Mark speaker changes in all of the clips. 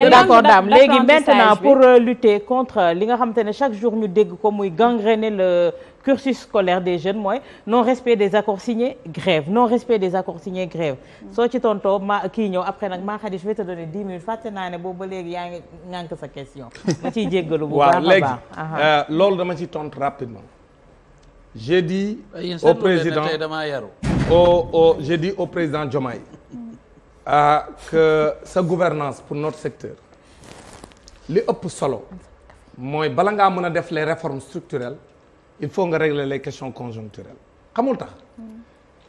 Speaker 1: d'accord daam léegi maintenant pour
Speaker 2: euh, lutter contre euh, li nga xamante ne chaque jour ñu dégg ko muy gangréner le cursus scolaire des jeunes mooy non respect des accords signés grève non respect des accords signés grève soo ci tontoo ma kii ñëw après nag maa Khady je vais te donner dix minutes fàtte naa ne boobu ba léegi yaa ngi ŋànk sa question ma ciy
Speaker 1: jéggalu bu baax a baax waaw léegi euh, loolu dama ci tontu rapidement j'ai dit au président au au j'ai dit au président Diomaye ah sa gouvernance pour notre secteur li ëpp solo mooy bala ngaa mun a def les réformes structurelles il faut nga régler les questions conjoncturelles xamul tax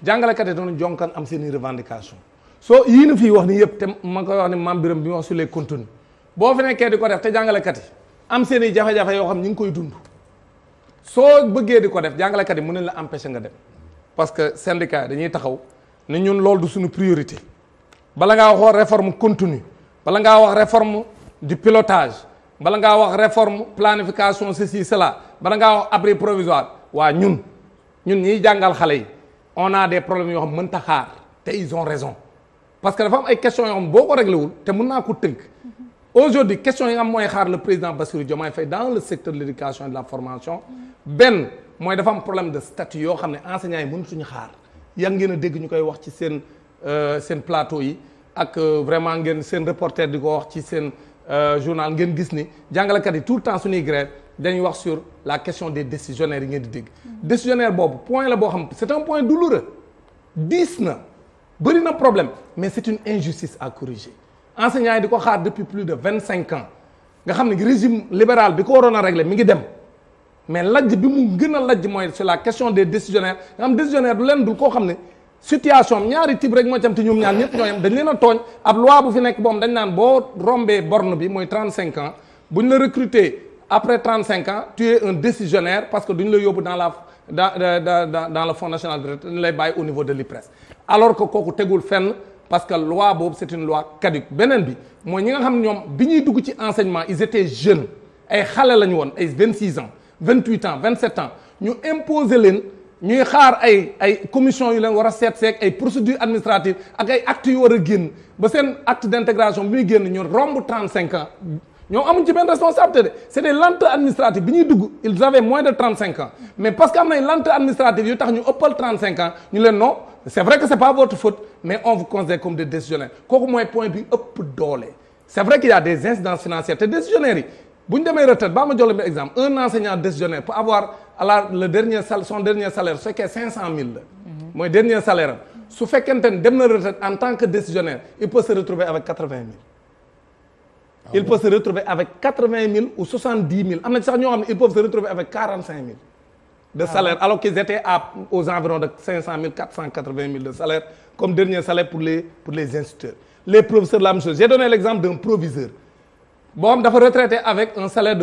Speaker 1: jàngalekat yi doon jonkan am seen i revendication soo yii na fii wax ni yëpp te ma koy wax ni maam Biram bi wax sur les contenus boo fi nekkee di ko def te jàngalekat yi am seen i jafe-jafe yoo xam ñu ngi koy dund soo bëggee di ko def jàngalekat yi mën nañ la empêcher nga dem parce que syndicat dañuy taxaw ne ñun loolu du suñu priorité bala ngaa wax réforme continue bala ngaa wax réforme du pilotage bala ngaa wax réforme planification ceci cela bala ngaa wax abri provisoire waa ñun ñun ñiy jàngal xale yi on a des problèmes yoo xam mën ta xaar te ils ont raison parce que dafa am ay question yoo xam boo ko réglé te mun naa ko tënk aujourd'hui question yi nga am mooy xaar le président Bassirou Diomaye Faye dans le secteur de l'éducation de la formation benn mooy dafa am problème de statut yoo xam ne enseignants yi mënatuñu xaar yaa ngeen a ñu koy wax ci seen Euh, seen plateau yi ak euh, vraiment ngeen seen reporter di ko wax ci seen euh, journal ngeen gis ni jàngalekat yi tout le temps suñuy grève dañuy wax sur la question des décisionnaires yi ngeen di dégg. Mm. décisionnaire boobu point la boo xam c'est un point douloureux diis na bëri na problème mais c'est une injustice à corriger enseignants yi di ko xaar depuis plus de vingt cinq ans nga xam ne régime libéral bi ko waroon a régler mi ngi dem. mais lajj bi mu gën a lajj mooy sur la des décisionnaires nga xam décisionnaire koo xam ne situation ñaari type rek moo ci am te ñoom ñaar ñëpp ñoo yem dañ leen a tooñ ab loi bu fi nekk boom dañ naan boo rombee borne bi mooy 35 ans bu ñu la recruter après 35 ans tu es un décisionnaire parce que duñ la yóbbu dans la dans dans dans le national de retraite lay bàyyi au niveau de l'IPRES alors que kooku tegul fenn parce que loi boobu c'est une loi caduque beneen bi mooy ñi nga xam ñoom bi ñuy dugg ci enseignement ils étaient jeunes ay xale lañu woon ay 26 ans 28 ans 27 ans ñu imposer leen. ñuy xaar ay ay commission yu leen war a seet seeg ay procédure administrative ak ay actes yu war a génn ba seen acte d' intégration bi muy génn ñu romb 35 ans ñoom amuñ ci benn responsabilité de c' est des lenteurs bi ñuy dugg ils avaient moins de 35 ans mais parce que am nañ lenteurs administratives yu tax ñu ëppal 35 ans ñu leen non c' est vrai que c' pas votre faute mais on vous considère comme des décisionnaires kooku mooy a des incidences à la le dernier salaire son dernier salaire su fekkee cinq cent mille la mooy dernier salaire am su fekkente ne dem na retraite en tant que décisionnaire il peut se retrouver avec quatre vingt mille ah il peut se retrouver avec quatre vingt mille ou soixante dix mille am na ci sax ñoo xam ne ils peuvent se retrouver avec quarante cinq mille de ah salaire alors qu'ils étaient à aux environs de de salaire comme dernier salaire pour les instituteurs les professeurs la même chose j'ai donné l'exemple d'un proviseur boo xam dafa avec un salaire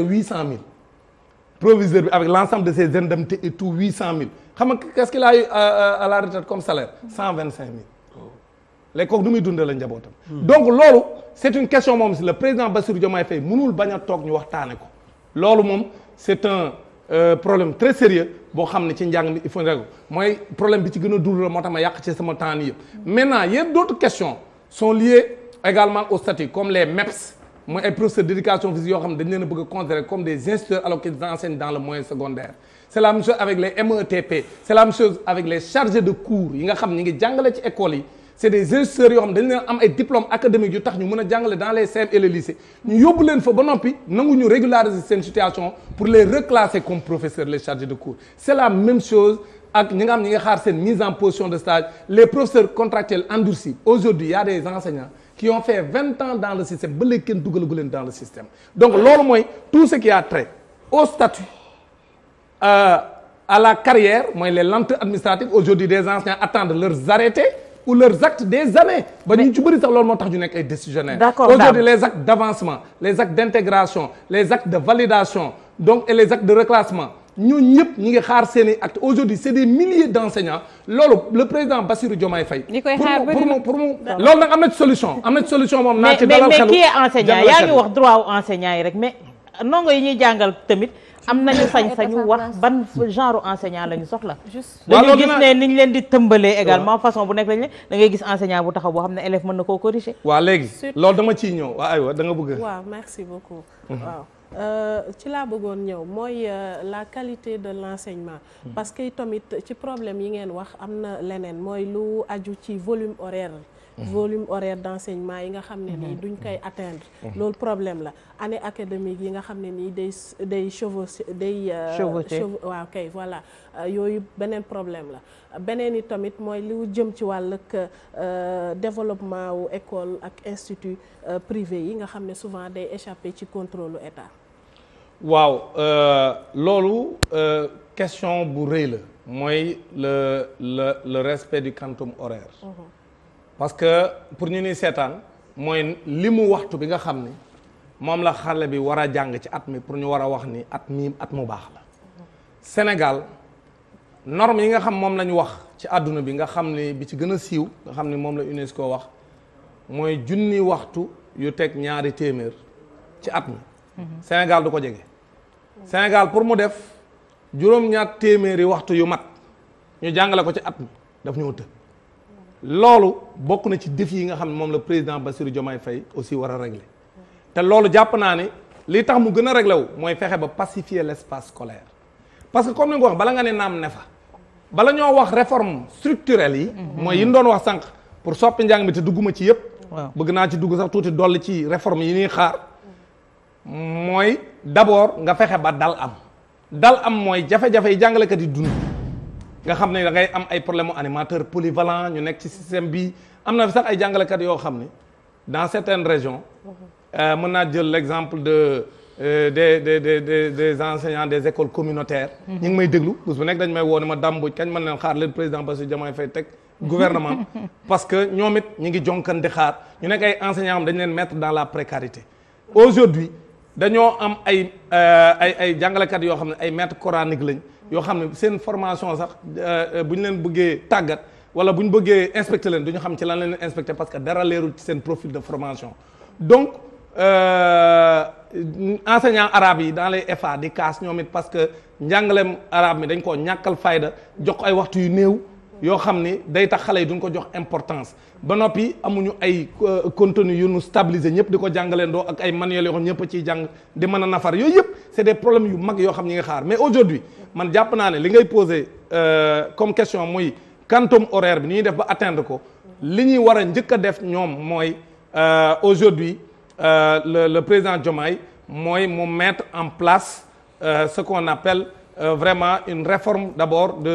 Speaker 1: proviseur bi avec l'ensemble de ses indemnités et tout huit cent mille xam nga qu'est-ce qu'il a eu euh, euh, à la retraite comme salaire cent vingt muy dundee la njabootam hmm. donc loolu c'est une question moom si le président Bassirou Diomaye Faye mënul bañ a toog ñu waxtaane ko loolu moom c'est un euh, problème très sérieux boo xam ne ci njàng mi il faut rek mooy problème bi ci gën a dund la moo tax ma yàq ci sama temps nii yëpp maintenant yéen d'autres questions sont liées également au comme les MEPS mooy ay professeurs d'éducation physique yoo xam ne dañ leen a bëgg a considérer comme des instituteurs alors qu'ils enseignent dans le moyen secondaire c'est la même chose avec les METP c'est la même chose avec les chargés de cours yi nga xam ñi ngi jàngale ci école yi c'est des instituteurs yoo xam dañ leen am ay diplômes académiques yu tax ñu mën a jàngale dans les CEM et les lycées ñu yóbbu leen fa ba noppi nangu ñu régulariser seen situation pour les reclasser comme professeurs les chargés de cours c'est la même chose ak ñi nga xam ñi nga xaar seen mise en position de stage les professeurs contractuels endurcis aujourd'hui il y a des enseignants qui ont fait vingt ans dans le système ba léegi kenn dugalagu leen dans le système donc loolu mooy tout ce qui a trait au statut euh, à la carrière mooy les lenteurs administratives aujourd'hui des anciens attendent leurs arrêtés ou leurs actes des années ba ñu ci bëri sax loolu moo tax ñu nekk ay décisionnaires d'accord aujourd'hui les actes d'avancement les actes d'intégration les actes de validation donc et les actes de reclassement ñoo ñëpp ñu ngi xaar seen i acte aujourd'hui c'est des milliers d'enseignants loolu le président Bassirou Diomaye Faye pour mu pour loolu nag am na solution am na solution moom naa ci dalal xelu yaa ngi wax
Speaker 2: droit wu enseignant yi rek mais nongo yi ñuy jàngal tamit am na nañu sañ-sañu wax ban genre enseignant la ñu soxla dañu gis ne niñ leen di tëmbalee également façon bu nekk lañ leen da ngay gis enseignant bu taxaw boo xam ne élève mën na koo corriger
Speaker 1: waaw léegi loolu dama ciy ñëw waaw aywa da nga bëgg
Speaker 3: waaw merci beaucoup Euh, ci la bëggoon ñëw mooy euh, la qualité de l'enseignement hmm. parce que tamit ci problème yi ngeen wax am na leneen mooy lu aju ci volume horaire volume horaire d'enseignement yi nga xam ne nii mhm. duñ koy atteindre mhm. loolu problème la année académique yi nga xam ne nii day day chevauché day euh, chevauché waaw kay voilà euh, yooyu beneen problème la beneen i tamit mooy li jëm ci wàllug euh, développement wu école ak institut privé yi nga xam ne souvent day échappé ci contrôle état
Speaker 1: waaw loolu question bu rëy la mooy le le le respect du quantum horaire mhm. parce que pour ñu ni seetaan mooy li mu waxtu bi nga xam ni moom la xale bi war a jàng ci at mi pour ñu war a wax ni at mii at mu baax la Sénégal norme yi nga xam moom la wax ci àdduna bi nga xam ni bi ci gën a siiw nga xam ni moom la UNESCO wax mooy junni waxtu yu teg ñaari téeméer ci at mi mhm. Sénégal du ko jege Sénégal pour mu def juróom-ñaar téeméeri waxtu yu mat ñu jàngale ko ci at mi daf ñoo të loolu bokk na ci défi yi nga xam ne moom la président Bassirou Diomaye fay aussi war a régler te loolu jàpp naa ne li tax mu gën a réglé wu mooy fexe ba pacifier l' espace scolaire parce que comme ni nga ko wax bala nga ne naam ne fa bala ñoo wax réforme structurelle yi mhm. mooy yi ñu doon wax sànq pour soppi njàng mi te ma ci yëpp bëgg naa ci dugg sax tuuti dolli ci réforme yi ñuy xaar mooy d' abord nga fexe ba dal am dal am mooy jafe-jafe yi jàngalekat yi dund nga xam ne da ngay am ay problème animateur polyvalent ñu nekk ci système bi am na fi sax ay jàngalekat yoo xam ne dans certaines région mhm. euh, mën naa jël l'exemple de euh, des des des des enseignants des écoles communautaires mhm. ñu may déglu bés bu nekk dañ may woo ne ma dàmbuj kañ mën leen xaar leen président Bassirou Diomaye Faye teg gouvernement parce que ñoom it ñu ngi jonkan di xaar ñu nekk ay enseignants am dañu leen mettre dans la précarité aujourd'hui dañoo am ay euh, ay ay jàngalekat yoo xam ne ay maîtres coraniques lañ yoo xam ne seen formation sax euh, bu ñu leen bëggee tàggat wala bu ñu bëggee inspecté leen du ñu xam ci lan leen inspecté parce que dara leerul ci seen profil de formation donc euh, enseignants arabes yi dans les FA di kaas ñoom it parce que njàngaleem araab mi dañ koo ñàkkal fayda jox ay waxtu yu néew yoo xam ni day tax xale yi duñ ko jox importance ba noppi amuñu ay euh, contenu yu nu stabiliser ñëpp di ko jàngaleendoo ak ay manuels yoo xam ñëpp a ciy jàng di mën a nafar yooyu yëpp c'est des problèmes yu mag yoo xam ñi nga xaar mais aujourd'hui man jàpp naa ne li ngay poser euh, comme question muy quantum horaire bi ni ñuy def ba atteindre ko li ñuy war a njëkk a def ñoom mooy euh, aujourd'hui le le président Diomaye mooy mu mettre en place ce qu'on appelle euh, vraiment une réforme d'abord de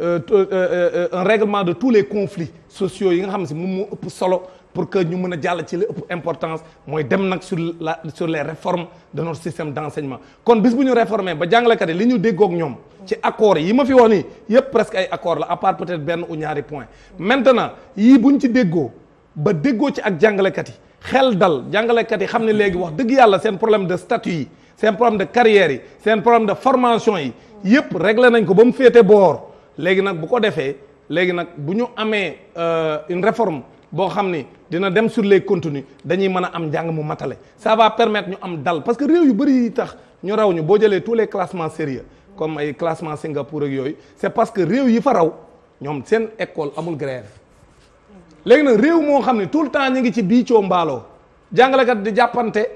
Speaker 1: euh, euh, euh, euh, un règlement de tous les conflits sociaux yi nga xam si moom mu ëpp solo pour que ñu mun a jàll ci li ëpp importance mooy dem nag sur la sur les réformes de notre système d'enseignement kon bis bu ñu réformer ba jàngalekat yi li ñu déggook ñoom ci accords yi ma fi wax nii yëpp presque ay accords la à part peut-être benn u ñaari point maintenant yii buñ ci déggoo ba déggoo ci ak jàngalekat yi xel dal jàngalekat yi xam ne léegi wax dëgg yàlla seen problème de statut yi seen problème de carrière yi seen problème de formation yi yëpp réglé nañ ko ba mu féete boor léegi nag bu ko defee léegi nag bu ñu amee euh, une réforme boo xam ni dina dem sur les contenus dañuy mën a am njàng mu matale ça va permettre ñu am dal parce que réew yu bëri yi tax ñu raw ñu boo jëlee tous les classements sérieux comme ay classement Singapour ak yooyu c'est parce que réew yi fa raw ñoom seen école amul grève léegi nag réew moo xam ne tout le temps ñu ngi ci biicoo mbaaloo jàngalekat di jàppante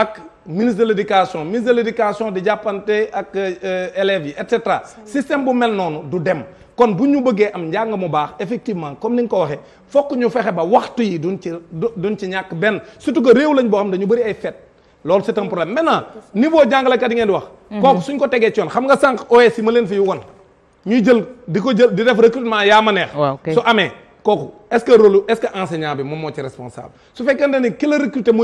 Speaker 1: ak ministre de l' éducation ministre de l' di jàppante ak euh, élèves yi et cetera système bu mel noonu du dem kon bu ñu bëggee am njàng mu baax effectivement comme ni nga ko waxee fokk ñu fexe ba waxtu yi duñ ci duñ ci ñàkk benn surtout que réew lañ boo xam dañu bëri ay fête loolu c' est un problème maintenant niveau jàngalekat yi ngeen di wax. Mhm. kooku suñ ko tegee ci yoon xam nga sànq OS yi ma leen fi won ñuy jël di ko jël di def recrutement yaa ma neex. su amee moom moo ci responsable su fekkente ni ki la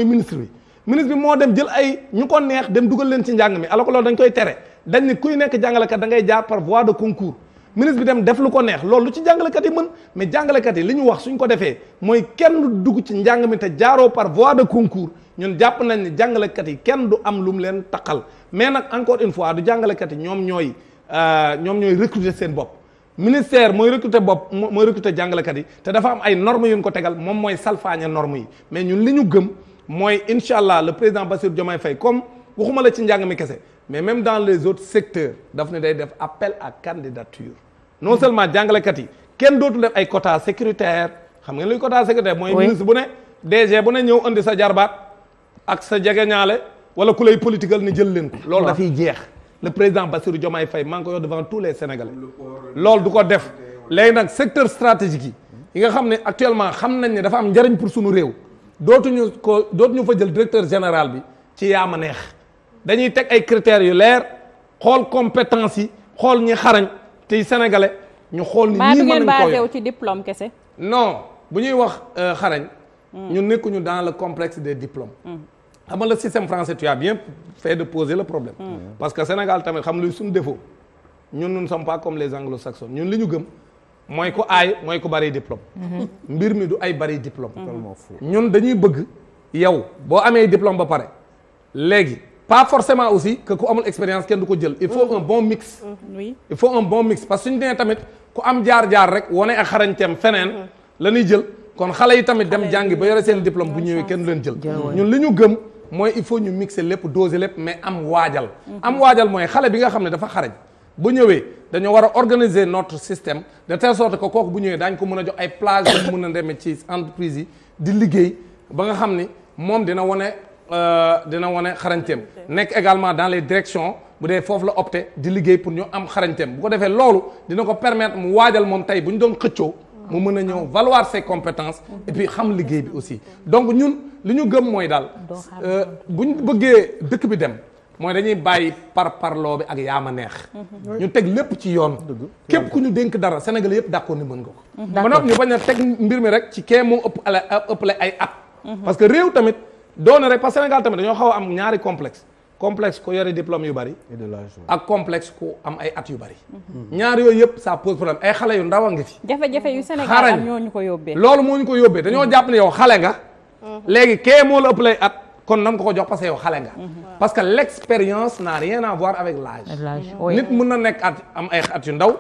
Speaker 1: ministre bi. ministre bi moo dem jël ay ñu ko neex dem dugal leen ci njàng mi alors que loolu dañ koy tere dañ ni kuy nekk jàngalekat dangay ngay jaar par voie de concours ministre bi dem def lu ko neex lool lu ci jàngalekat yi mën mi jàngalekat yi li ñu wax suñ ko defee mooy kenn du dugg ci njàng mi te jaaroo par voie de concours ñun jàpp nañ ne jàngalekat yi kenn du am lu mu leen taqal mais nag encore une fois du jàngalekat yi ñoom ñooy euh, ñoom ñooy recruter seen bopp ministère mooy recruter bopp mooy recruter jàngalekat yi te dafa ay normes yu ko tegal moom mooy salfaañe normes yi mais ñun mooy incha allah le président Bassirou Diomaye fay comme waxuma la ci njàng mi kese mais même dans les autres secteurs daf ne day def appel à candidature non hmm. seulement jàngalekat yi kenn dootu def ay quota sécuritaire xam nga luy quota sécuritaire mooy ministre bu ne DG bu ne ñëw indi sa jarbaat ak sa jegeñaale wala ku lay politiqueal ni jël leen ko loolu dafay jeex le président Bassirou Diomaye fay maa ngi ko yor devant tous les Sénégalais lool du ko def léegi nag secteur stratégique yi yi nga xam ne actuellement xam nañ ne dafa am njariñ pour suñu réew dootuñu ko dootuñu fa jël directeur général bi ci yaa ma neex dañuy teg ay critères yu leer xool compétence yi xool ñi xarañ te sénégalais ñu xool ni ñii mën nañ ko
Speaker 2: ci diplôme kese
Speaker 1: non bu ñuy wax euh, xarañ hmm. ñu nekkuñu dans le complexe de diplômes hmm. xam nga le système français tu as bien fait de poser le problème hmm. parce que Sénégal tamit xam luy suñu défaut ñun nous ne sommes pas comme les anglo ñu ñun li ñu gëm mooy ku aay mooy ku bari diplôme. mbir mi du ay bari diplôme. ñun dañuy bëgg yow boo amee diplôme ba pare léegi pas forcément aussi que ku amul expérience kenn du ko jël. il faut un bon mix. oui il faut un bon mix parce que suñu nee tamit ku am jaar-jaar rek wane ak xarañteem feneen la jël kon xale yi tamit dem jàngi ba yore seen diplôme bu ñëwee kenn leen jël. ñun li ñu gëm mooy il faut ñu mixer lépp doser lépp mais am waajal. am waajal mooy xale bi nga xam ne dafa xarañ. bu ñëwee dañoo war a organiser notre système de telle sorte que kooku bu ñëwee daañ ko mën a jox ay place yu mën a demee ci entreprise yi di liggéey ba nga xam ni moom dina wane euh, dina wane xarañteem nekk également dans les directions bu dee foofu la opte di liggéey pour ñu am xarañteem bu ko defee loolu dina ko permettre mu waajal moom tey bu ñu doon xëccoo mu mën a ñëw valoir ses compétences et puis xam liggéey bi aussi donc ñun li ñu gëm mooy daal euh, bu ñu bëggee dëkk bi dem mooy dañuy bàyyi par parloo bi ak yaama neex. ñu teg lépp ci yoon. képp ku ñu dénk dara Sénégal yëpp d'accord ni mën nga ko. d'accord ba ñu bañ a teg mbir mi rek ci kee moo ëpp ala ëppale ay at. Mhm. parce que réew tamit doone rek parce que Sénégal tamit dañoo xaw am ñaari complexe. complexe ku yore diplôme yu bari. ak complexe ku am ay at yu bari. Mhm. ñaar yooyu yëpp ça pose problème ay xale yu ndaw a ngi fi.
Speaker 2: jafe-jafe yu ñu ko yóbbee. loolu
Speaker 1: moo ñu ko yóbbee dañoo jàpp ne yow xale nga. Mhm. léegi kee moo la ëppale at. kon nam nga ko jox parce que yow xale nga. Mhm. parce que l' expérience n' a rien à voir avec l' nit mun na nekk at am ay at yu ndaw.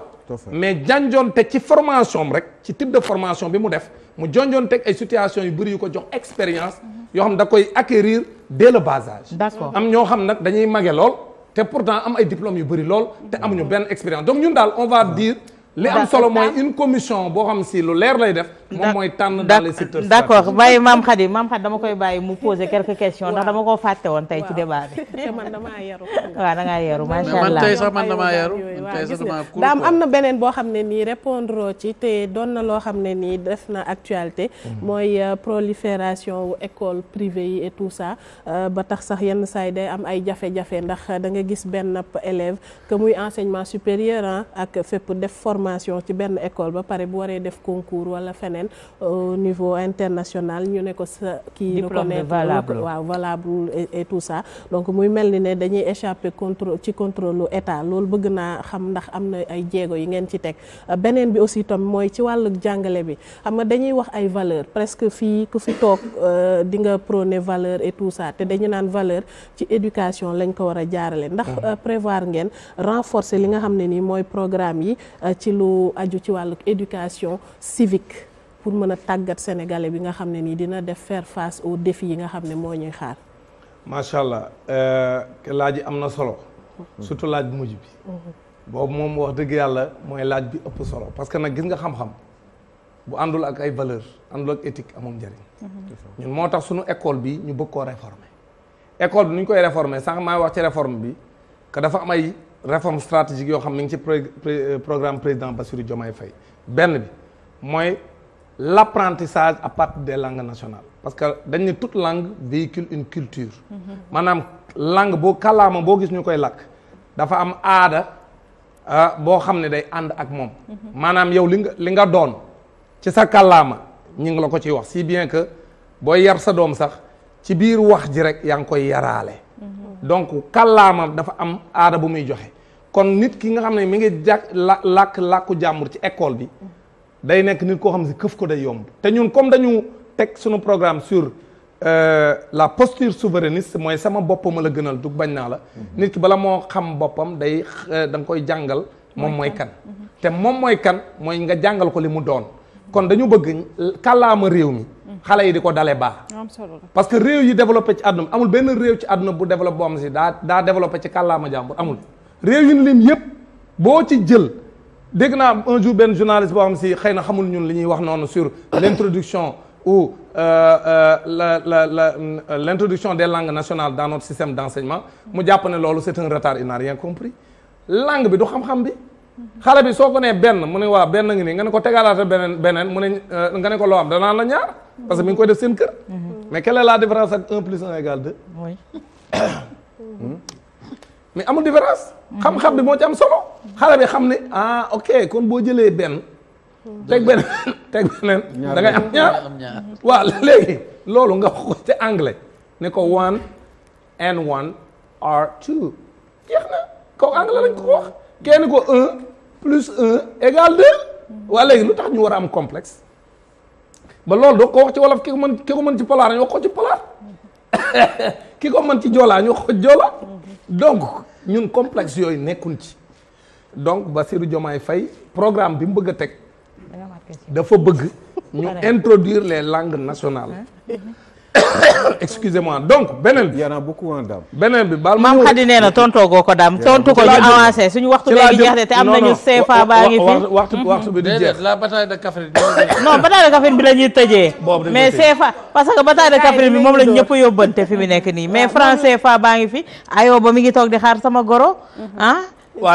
Speaker 1: mais janjonte ci formation rek ci type de formation bi mu def mu jonjoon ay situation yu bëri yu ko jox expérience yoo xam da koy acquérir dès le bas âge am ñoo xam nag dañuy mage lool te pourtant am ay diplômes yu bëri lool te ñu benn expérience donc ñun daal on va dire li am solo mooy une commission boo xam si lu leer lay def. moom mooy tànn dans les secteurs d' accord bàyyi maam
Speaker 2: Khady maam Khady dama koy bàyyi mu poser quelques questions ndax dama koo fàtte woon
Speaker 3: tey ci débat bi.
Speaker 1: te man damaa yaru.
Speaker 3: waaw da ngaa yaru macha allah man tey sax man yaru man tey sax damaa cool daam am na beneen boo xam ne nii répondre ci te doon na loo xam ne nii def na actualité. Mm. mooy euh, prolifération wu école privée yi et tout ça euh, ba tax sax yenn saa yi day am ay jafe ndax da nga gis benn élève que muy enseignement supérieur formation ci benn école ba pare bu waree def concours wala feneen au euh, niveau international ñu ne ko sa kii reconnaître waaw valable et tout ça donc muy mel ni ne dañuy échappe contrôle ci contrôle état loolu bëgg naa xam ndax am na ay jéego yi ngeen ci teg euh, beneen bi aussi tam mooy ci wàllu jàngale bi xam nga dañuy wax ay valeur presque fii ku fi toog euh, di nga prôner valeur et tout te dañu naan valeur ci éducation lañ ko war a jaarale ndax ah. prévoir ngeen renforcer lu aju ci wàllu éducation civique pour mën a tàggat sénégalais bi nga xam ne nii dina def faire face aux défis yi nga xam ne moo ñuy xaar.
Speaker 1: macha allah euh, laaj yi am na solo. surtout laaj bu mujj bi. boobu moom wax dëgg yàlla mooy laaj bi ëpp solo parce que nag gis nga xam-xam bu àndul ak ay valeur àndul ak éthique amul njëriñ. ñun moo tax sunu école bi ñu bëgg koo réformer école bi nu koy réformer sànq maa wax ci réforme bi que dafa am ay réforme stratégique yoo xam ne ngi ci euh, programme président Bassirou Diomaye fay benn bi mooy l' apprentissage à partir des langues nationales parce que dañ ne tout langue véhicule une culture mm-hmm. maanaam langue boo kàllaama boo gis ñu koy lakk dafa am aada euh, boo xam ne day ànd ak moom mm-hmm. maanaam yow li nga li nga doon ci sa kallaama ñi ngi la ko ciy wax si bien que boo yar sa doom sax ci biir wax ji rek yaa ngi koy yaraale mm-hmm. donc kallaama dafa am aada bu muy joxe kon nit ki nga xam ne mi ngi jàkk làkk làkku jàmbur ci école bi day nekk nit koo xam ne si këf ko day yomb te ñun comme dañu teg suñu programme sur euh, la posture souverainiste mooy sama boppam la gënal dug bañ naa la mhm. nit ki bala moo xam boppam day euh, da nga koy jàngal moom mooy kan te moom mooy kan mooy nga jàngal ko li mu doon kon dañu bëgg kàllaama réew mi mhm. xale yi di ko dale baax parce que réew yi développé ci àdduna amul benn réew ci àdduna bu développé boo si daa daa développé ci kàllaama jàmbur amul réew yu ñu lim boo ci jël dégg naa un jour benn journaliste boo xam si xëy na xamul ñun li ñuy wax noonu sur l'introduction ou euh, euh, la la la l'introduction des langues nationales dans notre système d'enseignement mu jàpp ne loolu c'est un retard il n'a rien compris langue bi du xam-xam bi xale bi soo ko nee benn mu ne waa benn ngi nii nga ne ko tegaalaata beneen beneen mu ne euh, nga ne ko loo am danaa la ñaar parce que mi ngi koy def seen kër mm-hmm. mais quelle est la différence ak hmm? différence xam-xam bi moo ci am solo xale bi xam ne ah ok kon boo jëlee benn teg beneen teg beneen da ngay am ñaar waaw léegi loolu nga wax ko ci anglais ne ko one and one are two jeex na kaw anglais lañ ko un plus un égale deux waa léegi lu tax ñu war am complexe ba loolu doo ko wax ci wolof ki ko mën ki ko mën ci polaar wax ko ci polaar ki ko mën ci joolaa ñu wax ko joolaa donc ñun complexe yooyu nekkul ci donc ba Bassirou Diomaye fay programme bi mu bëgg a teg dafa bëgg ñu introduire les langues nationales excusez-moi donc beneen bi. y en a beaucoup en tontoo goo ko daam. tontu ko ñu avancé suñu waxtu bee ngi jeex de te am nañu CFA baa ngi fi. waxtu waxtu bi di
Speaker 2: bi la tëjee. mais CFA parce que bataille de Kaffrine bi moom la ñëpp a yóbbante fi mu nekk nii mais franc CFA baa ngi fi ayoo ba mi ngi toog di xaar sama goro mhm. ah.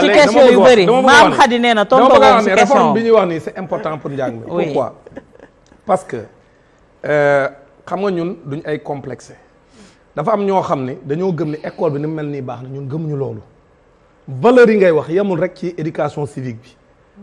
Speaker 2: ci question yu bëri maam Khady nee na tontoo goo ci question bi
Speaker 1: ñuy wax nii c'est important pour njàng mi pourquoi parce que euh, xam nga ñun duñ ay complexé dafa am ñoo xam ne dañoo gëm ne école bi ni mu mel nii baax na ñun gëmuñu loolu valeur yi ngay wax yemul rek ci éducation civique bi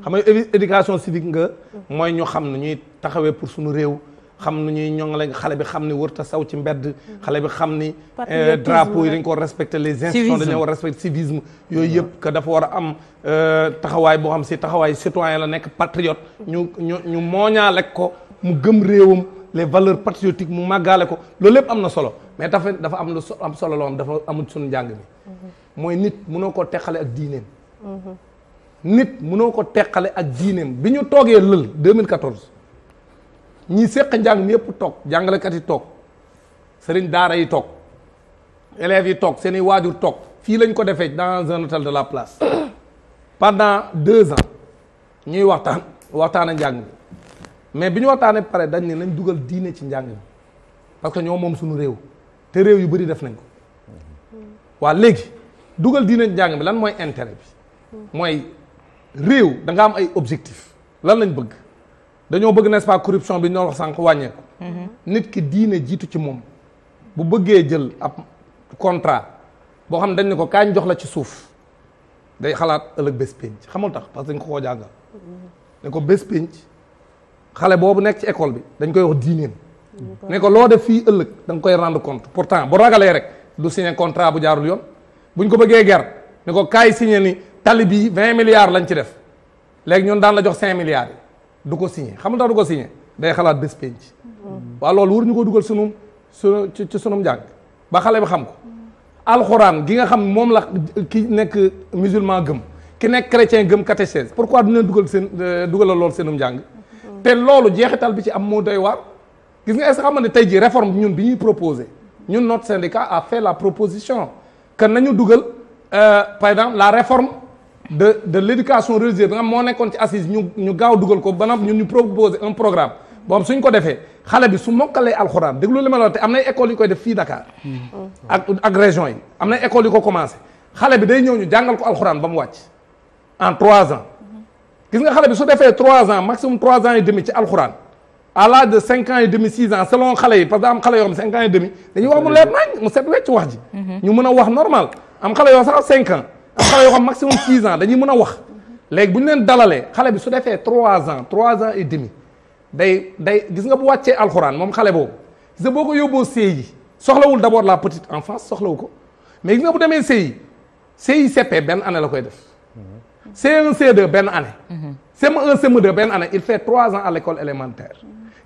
Speaker 1: xam nga éducation civique nga mooy ñu xam ne ñuy taxawee pour suñu réew xam nu ñuy ñoŋale xale bi xam ni wërta saw ci mbedd xale bi xam ni euh, drapeau yi dañ koo respecter les institutions dañu war respecter civisme yooyu yëpp que dafa war a am euh, taxawaay boo xam si taxawaay citoyen la nekk patriote ñu ñu ñu mooñaale ko mu gëm réewam les valeur patriotiques mu màggaale ko loolu lépp am na solo mais dafa dafa am lu am solo loo am dafa amul suñu njàng mi mooy nit mënoo ko teqale ak diineem nit mënoo ko teqale ak diineem bi ñu toogee lël 2014 ñi seq njàng mi yëpp toog jàngalekat yi toog sëriñ daara yi toog élèves yi toog seeni waajur toog fii lañ ko defee dans un hôtel de la place pendant deux ans ñuy waxtaan waxtaan a njàng mi mais bi ñu waxtaanee pare dañ ne lañ dugal diine ci njàng mi parce que ñoo moom suñu réew te réew yu bëri def nañ ko waa léegi dugal diine ci njàng mi lan mooy intérêt bi mooy réew da nga am ay objectif lan lañ bëgg dañoo bëgg n'est-ce pas corruption bi ñoo wax sànq wàññeeku mm-hmm. nit ki diine jiitu ci moom bu bëggee jël ab contrat boo xam ne dañ ne ko kaañ jox la ci suuf day xalaat ëllëg bés pénc xamul tax parce que dañ ko koo jàngal mm-hmm. ne ko bés pénc xale boobu nekk ci école bi dañ koy wax diineem ne ko loo def fii ëllëg danga nga koy rendre compte pourtant bu ragalee rek du signé contrat bu jaarul yoon buñ ko bëggee ger ne ko kaay signé ni tali bii vingt milliards lañ ci def léegi ñun daan la jox cinq milliards du ko signé xam nga tax du ko signé day xalaat bés penc waa lool war ñu ko dugal sunum su ci sunum njàng ba xale bi xam ko alxuraan gi nga xam moom la ki nekk musulman gëm ki nekk chrétien gëm catéchèse pourquoi du leen dugal seen dugalal loolu seenum njàng te loolu jeexital bi ci am moo day waar gis nga est xam nga ne tey jii réforme ñun bi ñuy proposé ñun notre syndicat a fait la proposition que nañu dugal euh, par exemple la réforme de de l' éducation religieuse bi nga moo nekkoon ci assise ñu ñu gaaw dugal ko ba ñun ñu proposé un programme boobu suñ ko defee xale bi su mokkalee alxuraan déglu li ma la te am na école yu koy def fii Dakar. Mm-hmm. ak ak région yi am na école yu ko commencé xale bi day ñëw ñu jàngal ko alxuraan ba mu wàcc en trois ans. gis nga xale bi su defee trois ans maximum trois ans et demi ci alxuraan à l'âge de cinq ans et demi six ans selon xale yi parce que am xale yoo xam cinq ans et demi dañuy wax mu leer nañ mu set wecc wax mhm. ñu mën a wax normal am xale yoo sax am xale yoo xam maximum ans dañuy mën a wax léegi bu ñu leen dalalee xale bi su defee trois ans trois ans et demi day day gis nga bu wàccee alxuraan moom xale boobu gis nga boo ko yóbboo CI yi soxlawul d'abord la en enfance soxlawu ko mais gis nga bu demee CI CI CP benn année la koy def CM1 CM2 benn année. CM1 CM2 benn année il fait trois ans à l'école élémentaire.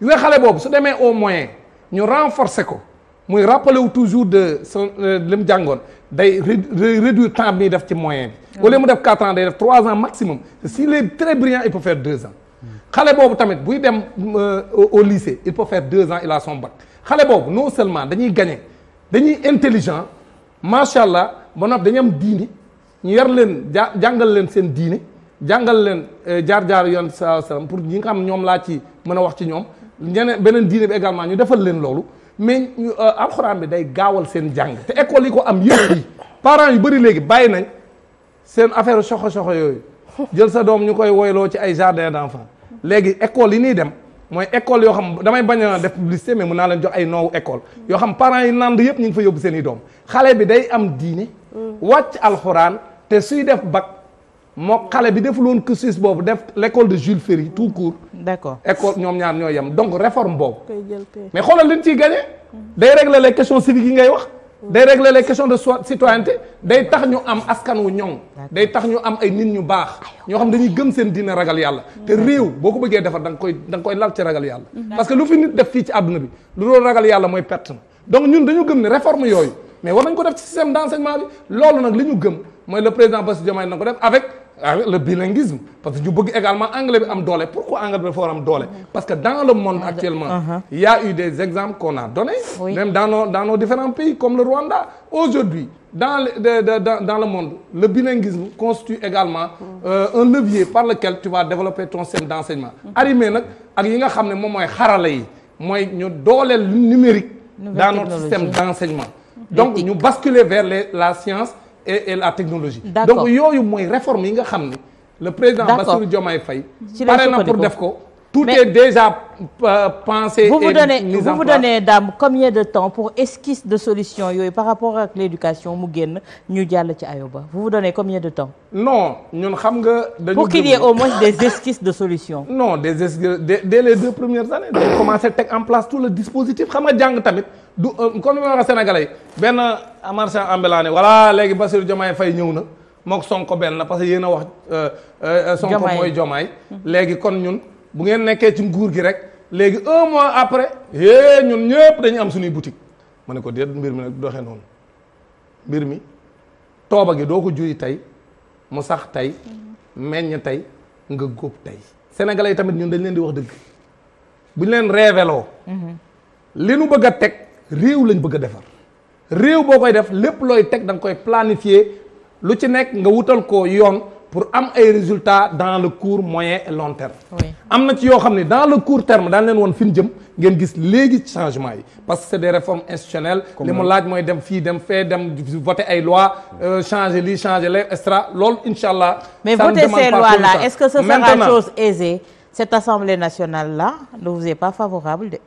Speaker 1: gis nga xale boobu su demee au moyen ñu renforcer ko muy rappeler wu toujours de son euh, li mu jàngoon day réduire temps bi ñuy def ci moyen bi. au mu def quatre ans day def trois ans maximum s'il est très brillant il peut faire deux ans. xale boobu tamit buy dem euh, au lycée il peut faire deux ans il a son bac xale boobu non seulement dañuy gagner dañuy intelligent macha allah ba nopp dañu am ñu yar leen ja jàngal leen seen diine jàngal leen euh, jaar-jaar yoon sa alayhi pour ñi nga xam ñoom laa ci mën a wax ci ñoom ñeneen beneen diine bi également ñu defal leen loolu mais euh, alxuraan bi day gaawal seen jàng te école yi ko am yëpp yi parents yu bëri léegi bàyyi nañ seen affaire soxo soxo yooyu jël sa doom ñu koy woyloo ci ay jardin d'enfants léegi école yi nii dem mooy école yoo xam damay bañ a def publicité mais mun naa leen jox ay noowu école yoo xam parents yi nand yëpp ñu ngi fa yóbbu seen doom xale bi day am diine mm. wàcc alxuraan te suy def bac moo xale bi defuloon cursus boobu def l'école de Jules Ferry tout court. d'accord école ñoom ñaar ñoo yem donc réforme boobu. mais xoolal li ñu ciy gagné. day régler les questions civiques yi ngay wax. day régler les questions de citoyenneté day tax ñu am askan wu ñoŋ. day tax ñu am ay nit ñu baax. ñoo xam dañuy gëm seen diine ragal yàlla. te réew boo ko bëggee defar da nga koy da koy lal ci ragal yàlla. Mm-hmm. parce que lu fi nit def fii ci àdduna bi lu doon ragal yàlla mooy perte na donc ñun dañu gëm ne réforme yooyu mais war nañ ko def ci système d'enseignement bi loolu nag li ñu gëm mooy le président Bassirou Diomaye na ko def avec le bilinguisme parce que ñu bëgg également anglais bi am doole pourquoi anglais bi dafa doole parce que dans le monde actuellement ah, ah. il eu des exemples qu'on a dans nos dans pays comme le Rwanda aujourd'hui dans le monde le bilinguisme constitue également euh, un levier par lequel tu vas développer ton système d'enseignement arrimé nag ak yi nga xam ne moom mooy xarala yi mooy ñu dooleel numérique dans notre système d'enseignement mmh. donc ñu basculer vers e et la technologie. donc yooyu mooy réforme yi nga xam ni. le président Bassirou Diomaye Faye. pare na pour def ko. tout mais est déjà euh, pensé. vous vous donnez
Speaker 2: vous de solution yooyu par rapport ak l'éducation mu génn ñu jàll ci Ayoba vous vous donnez combien de temps.
Speaker 1: non ñun xam nga. dañu pour qu'il y ait au moins des esquisses de solution. non des esquisses dès, dès les deux premières années. dañu commencé teg en place tout le dispositif xam nga jàng tamit du euh, comme ni ma waxee sénégalais benn marchand ambulant ne voilà léegi Bassirou Diomaye Faye ñëw na mook Sonko benn la parce que yéen a wax. Euh, euh, Sonko mooy Diomaye léegi kon ñun. bu ngeen nekkee ci nguur gi rek léegi un mois après hé ñun ñëpp dañu am suñuy boutique ma ne ko déet mbir mi nag doxee noonu mbir mi tooba gi doo ko juy tey mu sax tey meññ tey nga góob tey sénégalais yi tamit ñun dañ leen di wax dëgg bu ñu leen révéloo li nu bëgg a teg réew lañ bëgg a defar réew boo koy def lépp looy teg da nga koy planifier lu ci nekk nga wutal ko yoon pour am ay résultat dans le court moyen et long terme. am na ci yoo xam ne dans le court terme daan leen woon fi ñu jëm ngeen gis léegi changement yi parce que c'est des réformes institutionnelles. li mu laaj mooy dem fi dem fee dem voter ay lois euh, changer li changer lee et cetera loolu incha allah. mais voter ces lois là est-ce que ce sera chose
Speaker 2: aisée. cette assemblée nationale là ne vous est pas favorable de.